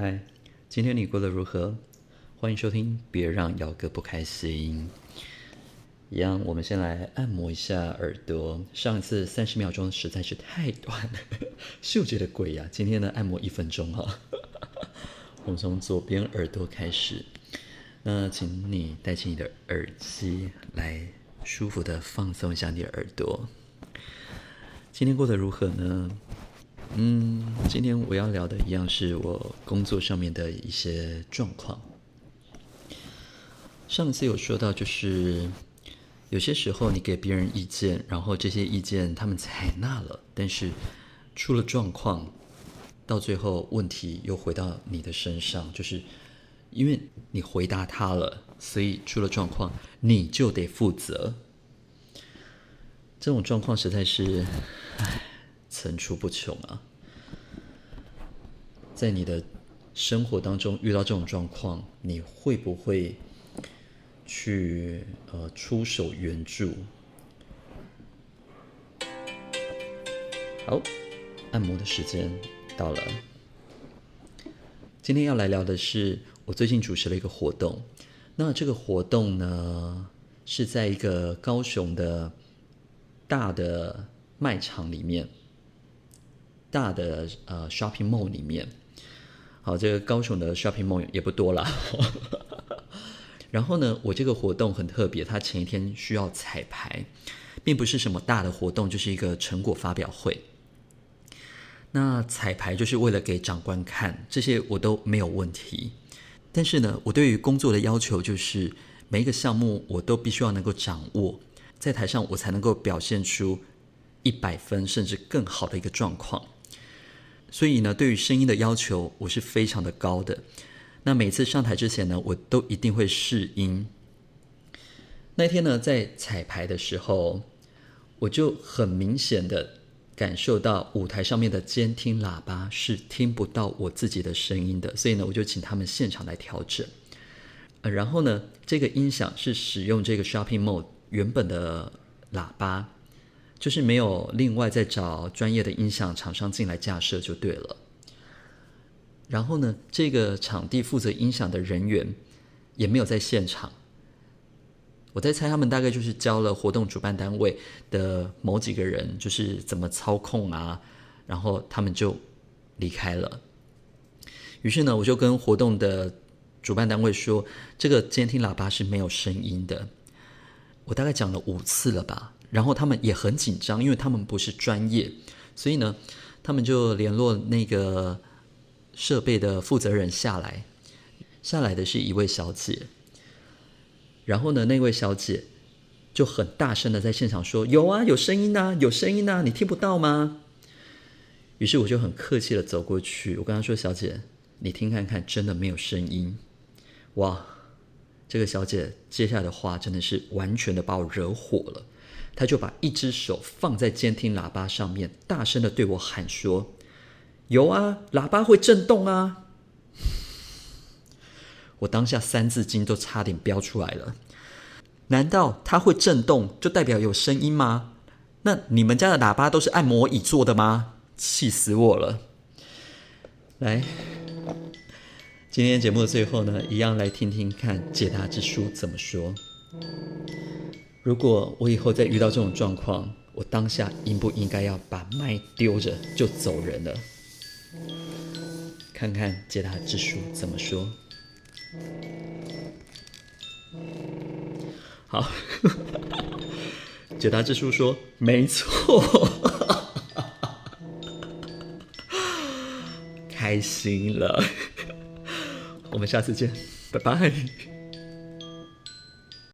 嗨，Hi, 今天你過得如何？歡迎收聽，別讓堯哥不開心。一樣，我們先來按摩一下耳朵。上一次三十秒鐘實在是太短了，嗅 覺的鬼呀、啊！今天呢，按摩一分鐘哈、哦。 我們從左邊耳朵開始，那請你戴起你的耳機，來舒服的放鬆一下你的耳朵。今天過得如何呢？嗯，今天我要聊的一樣是我工作上面的一些狀況。上次有說到，就是有些時候你給別人意見，然後這些意見他們採納了，但是出了狀況，到最後問題又回到你的身上，就是因為你回答他了，所以出了狀況，你就得負責。這種狀況實在是……唉。層出不窮啊！在你的生活當中遇到這種狀況，你會不會去呃出手援助？好，按摩的時間到了。嗯、今天要來聊的是我最近主持了一個活動，那這個活動呢是在一個高雄的大的賣場裡面，大的呃，shopping mall 裡面，好，這個高雄的 shopping mall 也不多了。 然後呢，我這個活動很特別，它前一天需要彩排，並不是什麼大的活動，就是一個成果發表會。那彩排就是為了給長官看，這些我都沒有問題。但是呢，我對於工作的要求就是，每一個項目我都必須要能夠掌握，在台上我才能夠表現出一百分甚至更好的一個狀況。所以呢，對於聲音的要求我是非常的高的。那每次上台之前呢，我都一定會試音。那天呢，在彩排的時候，我就很明顯的感受到舞台上面的監聽喇叭是聽不到我自己的聲音的，所以呢，我就請他們現場來調整。呃、然後呢，這個音響是使用這個 shopping mall 原本的喇叭。就是沒有另外再找專業的音響廠商進來架設就對了。然後呢，這個場地負責音響的人員也沒有在現場。我在猜他們大概就是教了活動主辦單位的某幾個人，就是怎麼操控啊，然後他們就離開了。於是呢，我就跟活動的主辦單位說，這個監聽喇叭是沒有聲音的。我大概講了五次了吧。然後他們也很緊張，因為他們不是專業，所以呢，他們就聯絡那個設備的負責人下來。下來的是一位小姐。然後呢，那位小姐就很大聲的在現場說：“有啊，有聲音吶，有聲音吶，你聽不到嗎？”於是我就很客氣的走過去，我跟她說：“小姐，你聽看看，真的沒有聲音。”哇，這個小姐接下來的話真的是完全的把我惹火了。他就把一隻手放在監聽喇叭上面，大聲地對我喊說：“有啊，喇叭會震動啊！” 我當下《三字經》都差點飆出來了。難道它會震動就代表有聲音嗎？那你們家的喇叭都是按摩椅做的嗎？氣死我了！來，今天節目的最後呢，一樣來聽聽看解答之書怎麼說。如果我以後再遇到這種狀況，我當下應不應該要把麥丟着就走人了？看看解答之書怎麼說。好， 解答之書說沒錯， 開心了。我們下次見，拜拜。